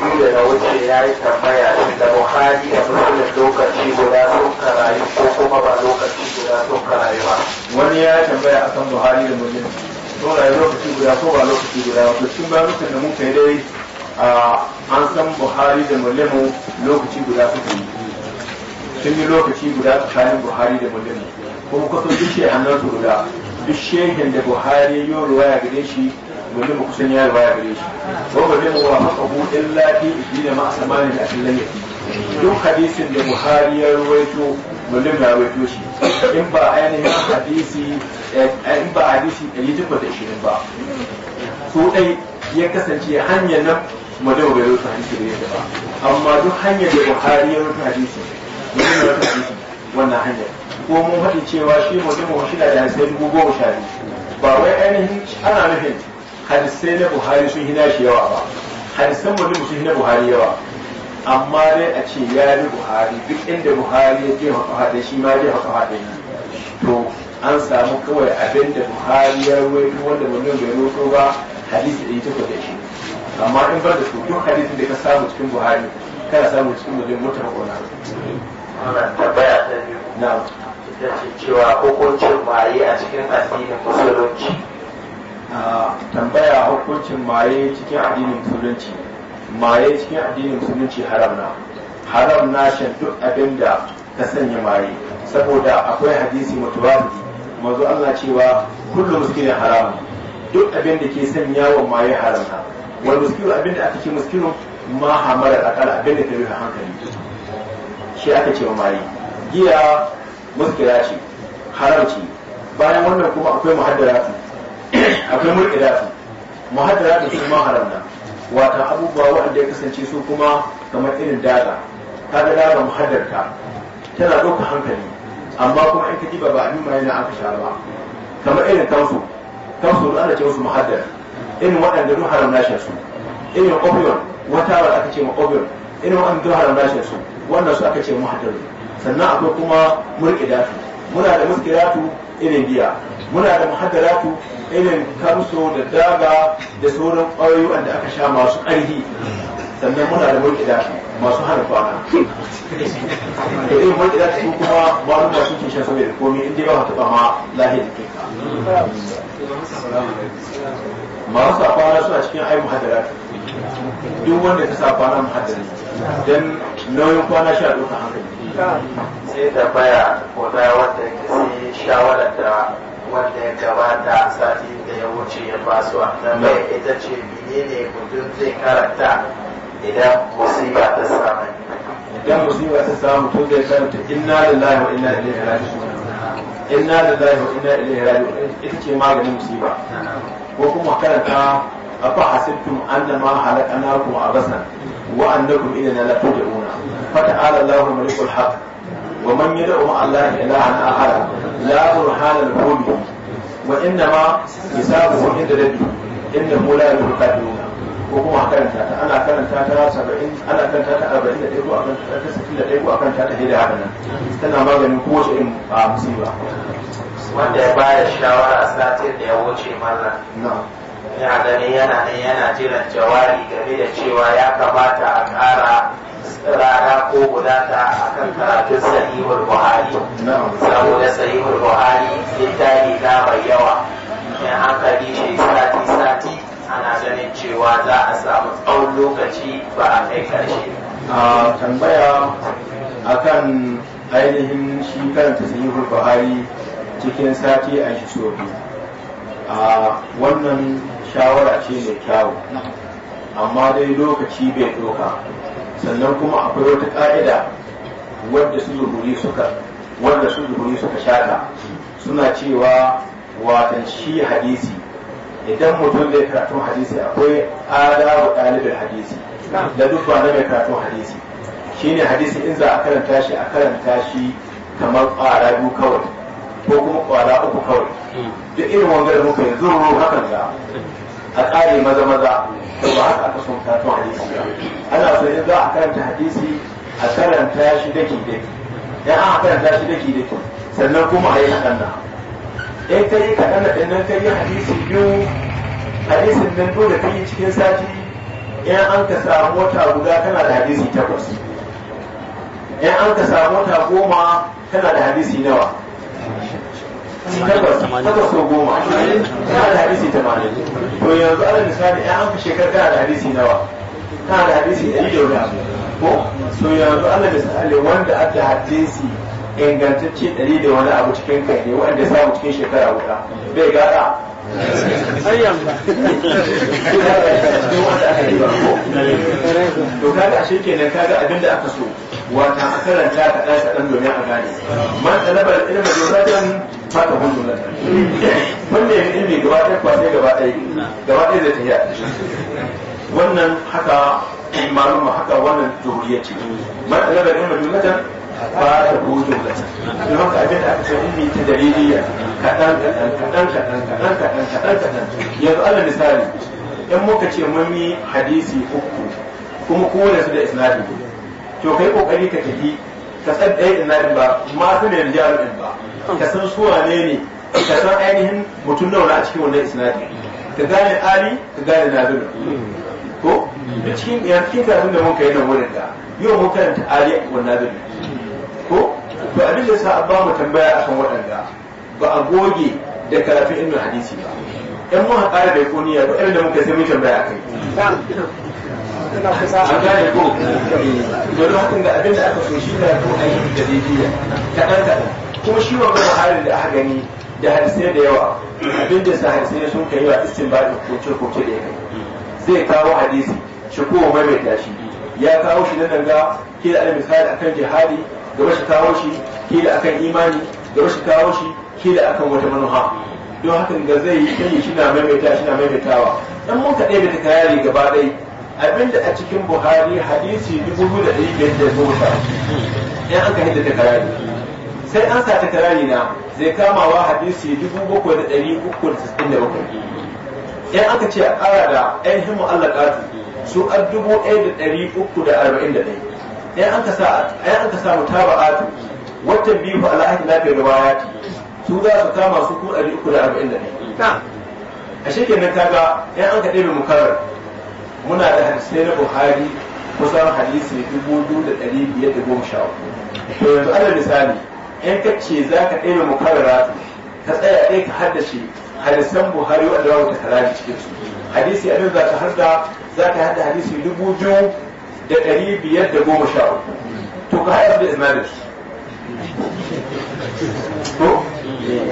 da wuce ya yi tambaya da buhari da musulun lokaci guda sun karayi ko kuma ba lokaci guda sun karayi ba wani ya yi tambaya akan buhari da musulun sun rayu lokaci guda ko ba lokaci guda ba da dai an san buhari da musulun lokaci guda suka yi sun yi lokaci guda tsakanin buhari da kuma duk shi a nan guda duk shehin da buhari ya yi ruwaya gare shi domin ba kusan ya riwaya gare shi wa ba bin wa haqqahu illa fi ibn ma asmani da akin layyati duk hadisin da buhari ya ruwaito mulim ya ruwaito shi in ba ainihin hadisi eh, in ba hadisi 120 ba su dai ya kasance hanyar nan mulim bai ruwaito hadisi da ba amma duk hanyar da buhari ya ruwaito hadisi mulim ya ruwaito hadisi wannan hanyar ko mun faɗi cewa shi mutum shi da sai dubu goma sha biyu ba wai ainihin ana nufin hadisai na buhari sun hina shi yawa ba hadisan mutum sun hina buhari yawa amma dai a ce ya bi buhari duk inda buhari ya jefa kafa da shi ma jefa kafa da to an samu kawai abin da buhari ya ruwaito wanda mutum bai roto ba hadisi da ta da shi amma in bar da su duk hadisin da ka samu cikin buhari kana samu cikin mutum mutafaquna wannan tambaya ta biyu na ita ce cewa hukuncin a cikin addinin musulunci tambaya hukuncin maye cikin addinin musulunci maye cikin addinin musulunci haram na haram na shan duk abin da ka sanya maye saboda akwai hadisi mutawafiki manzo Allah cewa kullu muskilin haram duk abin da ke sanya wa maye haram na wani muskilu abin da aka ce muskilun ma hamara akala abin da ke rufe hankali shi aka ce wa maye giya muskira ce haram ce bayan wannan kuma akwai muhaddaratu akwai da su muhaddara da su ma haramna wata abubuwa waɗanda ya kasance su kuma kamar irin daga da daga muhaddarta tana ɗauka hankali amma kuma in ka diba ba abin mai na aka sha ba kamar irin kansu kansu da ana ce musu muhaddar irin waɗanda duk haram na su irin obion wata ba aka ce ma obion irin waɗanda duk haram na su wannan su aka ce muhaddar sannan akwai kuma murƙidatu muna da murƙidatu irin biya muna da muhaddaratu irin kamso da daba da sauran ƙwayoyin da aka sha masu ƙarfi sannan muna da mulkida masu hana kwana da irin mulkida su kuma malum masu ke shan saboda komi inda ba taɓa ma lahiyar kai masu safana suna cikin ai muhadarat duk wanda ta safana muhadari don nauyin kwana sha ɗauka hankali sai da baya ko da wata ke sai shawara da ya a sati da ya wuce ya basu a tambaya ita ce menene mutum zai karanta idan musiba ta samu idan musiba ta samu to zai karanta inna lillahi wa inna ilaihi raji'un inna lillahi wa inna ilaihi raji'un ita ce maganin musiba ko kuma karanta afa hasibtum ma halaqnakum abasan wa annakum ilayna la turja'una fa ta'ala Allahu malikul haqq ومن يدعو مع الله إلها آخر لا برهان له به wa inna ma hisabuhum inda rabbi inna hu la yuqaduna ko kuma karanta ta ana karanta ta 70 ana karanta ta 41 ko akan ta 61 ko da haka nan tana maganin kowace irin musiba wanda ya bada shawara satin da ya wuce mallan ina ganin yana nan yana jiran jawabi game da cewa ya kamata a kara. rana ko gudata a kan karatun sahihul buhari saboda sahihul buhari littafi na mai yawa in an kari shi sati sati ana ganin cewa za a samu tsawon lokaci ba a kai karshe a tambaya akan ainihin shi karanta sahihul buhari cikin sati a shi so a wannan shawara ce mai kyawu amma dai lokaci bai doka sannan kuma akwai wata ƙa'ida wadda su zuhuri suka wanda su zuhuri suka shaka suna cewa watan shi hadisi idan mutum zai karatu hadisi akwai adabu ɗalibin hadisi da duk ba na mai karatu hadisi shine hadisi in za a karanta shi a karanta shi kamar kwara biyu kawai ko kuma kwara uku kawai duk irin wanga da muka yanzu hakan za a ƙare maza maza to ba haka aka son karatun hadisi ba, ana so in za a karanta hadisi a karanta shi daki daki dan an karanta shi daki daki sannan kuma a yi hakan nan in ka yi kaɗan da ɗan ka yi hadisi biyu hadisin nan dole ka yi cikin sati in an ka samu wata guda kana da hadisi takwas in an ka samu wata goma kana da hadisi nawa takwas takwas ko goma kana da hadisi tamanin to yanzu ala misali ya amfi kashe karka da hadisi nawa kana da hadisi ɗari da wani ko so yanzu ala misali wanda aka hadisi ingantacce ɗari da wani abu cikin kai ne wanda ya samu cikin shekara guda bai gada to kaga ashe kenan kaga abinda aka so wata a karanta ka kai ka dan domin a gane man talabar ilmi jumlatan ka hun jumlatan wanda ya ilmi gaba ɗaya kwasai gaba ɗaya gaba ɗaya zai tafiya wannan haka malum haka wannan jumhuriyya ce man talabar ilmi jumlatan fata hun jumlatan don haka abin da aka ce ilmi ta daliliya kaɗan kaɗan kaɗan kaɗan kaɗan kaɗan kaɗan kaɗan yanzu alal misali in muka ce mun yi hadisi uku kuma kowane su da isnadi to kai kokari ka tafi ka san ɗaya ina din ba ma su ne rijalu din ba ka san su wane ne ka san ainihin mutum nawa a cikin wannan isnadi ka gane ali ka gane nabil ko da cikin ya cikin karatun da mun kai nan wurin da yau mun karanta ali wa nabil ko to abin da sa abba mu tambaya akan waɗanda ba a goge da karatun ilmin hadisi ba Yan mun haƙa da koniya ba irin da muka sai mun tambaya kai an gane ko eh, domin hukun da abin aka so shi na ko ayi da daidaiya kaɗan kaɗan kuma shi wannan wahalar da aka gani da hadisai da yawa abin da sa hadisai sun kai wa istinbadi ko ce da ya kai zai kawo hadisi shi ko maimaita shi ya kawo shi na danga ke da misali akan jihadi gaba shi kawo shi ke da akan imani gaba shi kawo shi ke da akan wata manuha don hakan da zai yi shi na maimaita shi na maimaitawa dan mun kaɗai da ta kayari gaba ɗaya abinda a cikin buhari hadisi dubu da ɗari biyar da goma sha in an ka hidda ta karari sai an sa ta karari na zai kamawa hadisi dubu bakwai da ɗari uku da sittin da bakwai in aka ce a ƙara da allah ƙatu su a dubu ɗaya da ɗari uku da arba'in da ɗaya in an ka sa an ka samu taba'atu wata biyu fa al'ahdi lafiyar riwayati su za su kama su ku ɗari uku da arba'in da ɗaya a shekenan kaga in an ka ɗebe mukarar muna da hadisai na buhari kusan hadisi dubu biyu da ɗari biyar da goma sha uku to yanzu ana misali in ka ce za ka ɗaya mukarrara ka tsaya ɗaya ka haddace hadisan buhari wanda wata takarari cikin su hadisi abin za ka hadda za ka hadda hadisi dubu biyu da ɗari biyar da goma sha uku to ka haɗa da imanin to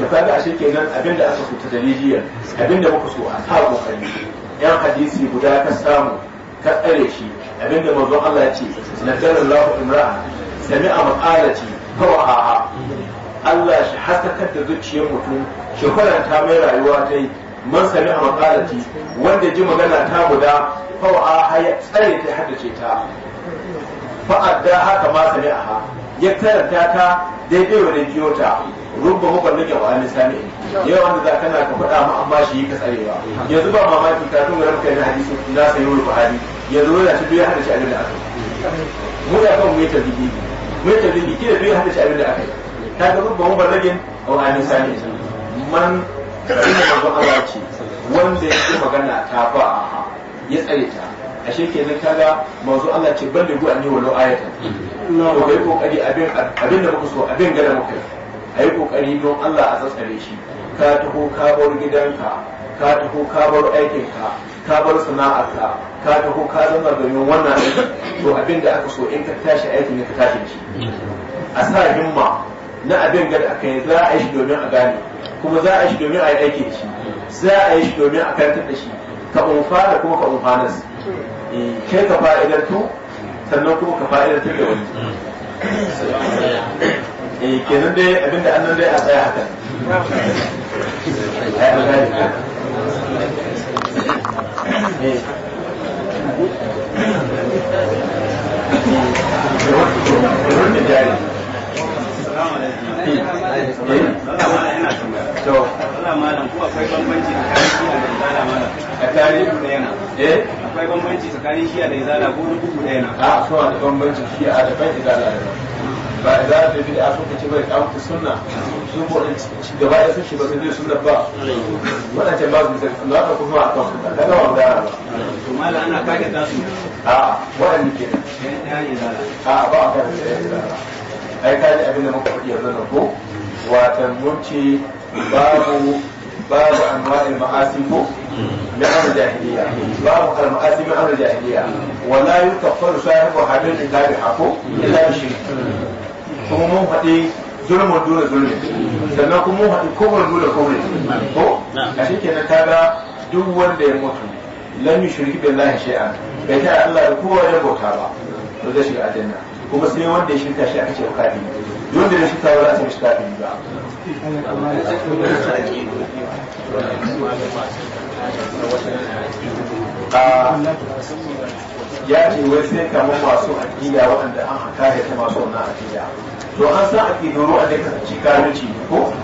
to kaga ashe kenan abin da aka so ta abin da muka so a sa kokari yan hadisi guda ka samu ka tsare shi abinda manzo Allah ya ce nadarallahu imra'a a maqalati fawaha Allah shi haskaka da zuciyar mutum shi faranta mai rayuwa ta yi man sami a maqalati wanda ji magana ta guda fawa ya tsare ta ce ta fa'adda haka ma sami a ya karanta ta daidai wa da ta rubba hukun nake wa yawan da za kana ka faɗa mu amma shi yi ka tsarewa yanzu ba mamaki ka tun garin kai na hadisi na su yi wani buhari yanzu wani shi duk ya hada shi abin da aka yi mu da kan mu yi tabibi mu yi tabibi kida duk ya hada shi abin da aka yi ta ga rubba mu barragin a wani sani man rabin da Allah ce wanda ya magana ta ba ya tsare ta ashe kenan kaga manzon Allah ce balle gu an yi walau ayatan to kai Ko abin abin da muka so abin ga da muka yi a yi kokari don Allah a tsatsare shi ka taho ka bar gidanka ka taho ka bar aikinka ka bar sana'arka ka taho ka zama domin wannan aiki to abin da aka so in ka tashi aikin ka tashi shi a sa himma na abin da aka yi za a yi shi domin a gane kuma za a yi shi domin a yi aiki shi za a yi shi domin a karanta da shi ka umfa da kuma ka nas eh, kai ka fa'idartu sannan kuma ka fa'idartar da wani eh kenan dai abinda annan dai a tsaya haka eh? akwai bambanci tsakanin shi'a da izala ko rubu ɗaya na a ah, so a ah, da bambanci shi'a ah, da bai izala da ba a zaɓa da bid'a suka ce bai kawo ta sunna su ko gaba da sun shiga sun zai sunna ba wannan ce ba su da sunna ka kuma a kan da daga wanda ana ba to mala ana kake ta su a waɗanda ke a ba a kan da ya zara ai ka ji abin da muka fadi yanzu nan ko wata mun babu babu anwa'il ma'asi ko من أمر الجاهلية باب المقاسم من أمر الجاهلية ولا يكفر صاحب حبيب إلا hako. إلا بشرك kuma mun faɗi zulmun dole zulmi sannan kuma mun faɗi kofar dole kofar ko a shi kenan kaga duk wanda ya mutu shirki yushrik lahi shi'a bai ta Allah da kowa ya bauta ba to zai shiga aljanna kuma sai wanda ya shirka shi aka ce kafin wanda ya shirka ba za a ce ba ya ce wai sai kamar masu aƙida waɗanda an haka ya masu wannan aƙida to an sa a kidoro a daga ci kanuci ko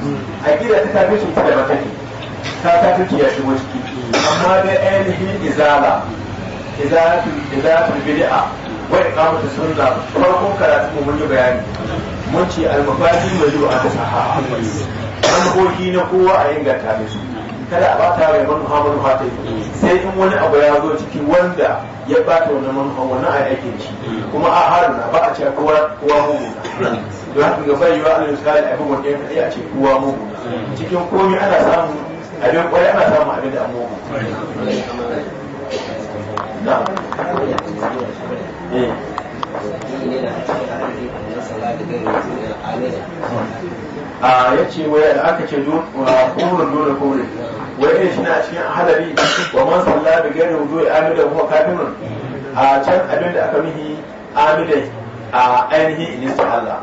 a gida ta kanuci ta da mataki ta tuki ya shigo ciki amma da ainihin izala izalatu izalatul bid'a wa iqamatu sunna farkon karatu mun yi bayani mun ce al-mafati majru'a ta sahaha an gogi na kowa a gata da su kada a bata mai manufa manufa ta yi sai in wani abu ya zo ciki wanda ya bata wani manufa wani a yake shi kuma a harin ba a ce kowa kowa muguna don haka ga bai yiwa alal misali abin wanda ya kaɗai a ce kowa muguna cikin komai ana samu abin kwarai ana samu abin da a mugu na eh a ya ce da aka ce kurin dole kurin wai ne shi na cikin halabi wa man salla da gari wudu ya amida kuma kafirun a can abin da aka mihi amida a ainihin inista Allah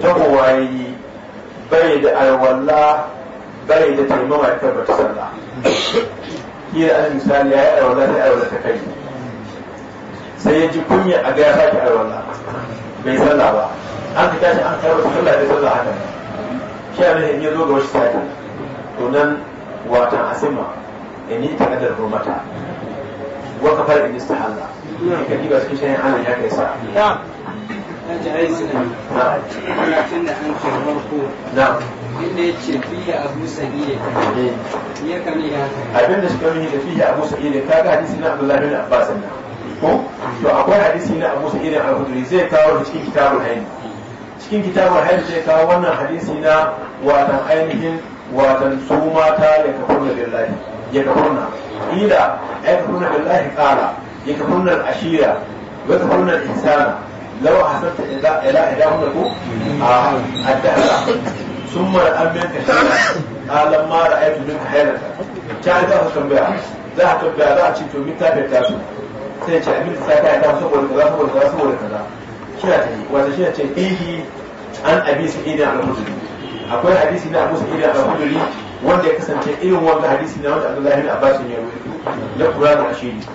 ta kowayi bai da alwala bai da taimama ya tabbata sallah iya an misali ya yi alwala ta alwala ta kai sai ya ji kunya a ga ya sake alwala bai sallah ba an ka tashi an karɓar sallah da sallah haka ne shi abin da in ya zo ga wasu sati to nan watan asima in ta takardar rumata wa ka fara in istihalla ka diba cikin shayin ana ya kai sa talatin da an ke farko inda ya ce fiye abu yi eh. ya kame ya kai abin da suka mini da fiye abu sabiye ka ga hadisi na abdullahi bin abbas ko to akwai hadisi na abu sabiye al-hudri zai kawo cikin kitabul hayy cikin kitabul hajji ce kawo wannan hadisi na watan ainihin watan su mata ya na billahi ya na ila ya na billahi kala ya kafin na ashira ya ila ila ku a ah. ah, addahra summa al ah, ta ga tambaya za a tambaya za a ce to ta ta su sai ce a ta ta saboda kaza saboda kaza saboda kaza shi ta yi shi ce ihi an abi sa'id al-khudri akwai hadisi na abu sa'id al-khudri wanda ya kasance irin wanda hadisi na wanda Abdullahi bin Abbas ya rawaito na Qur'an ashiri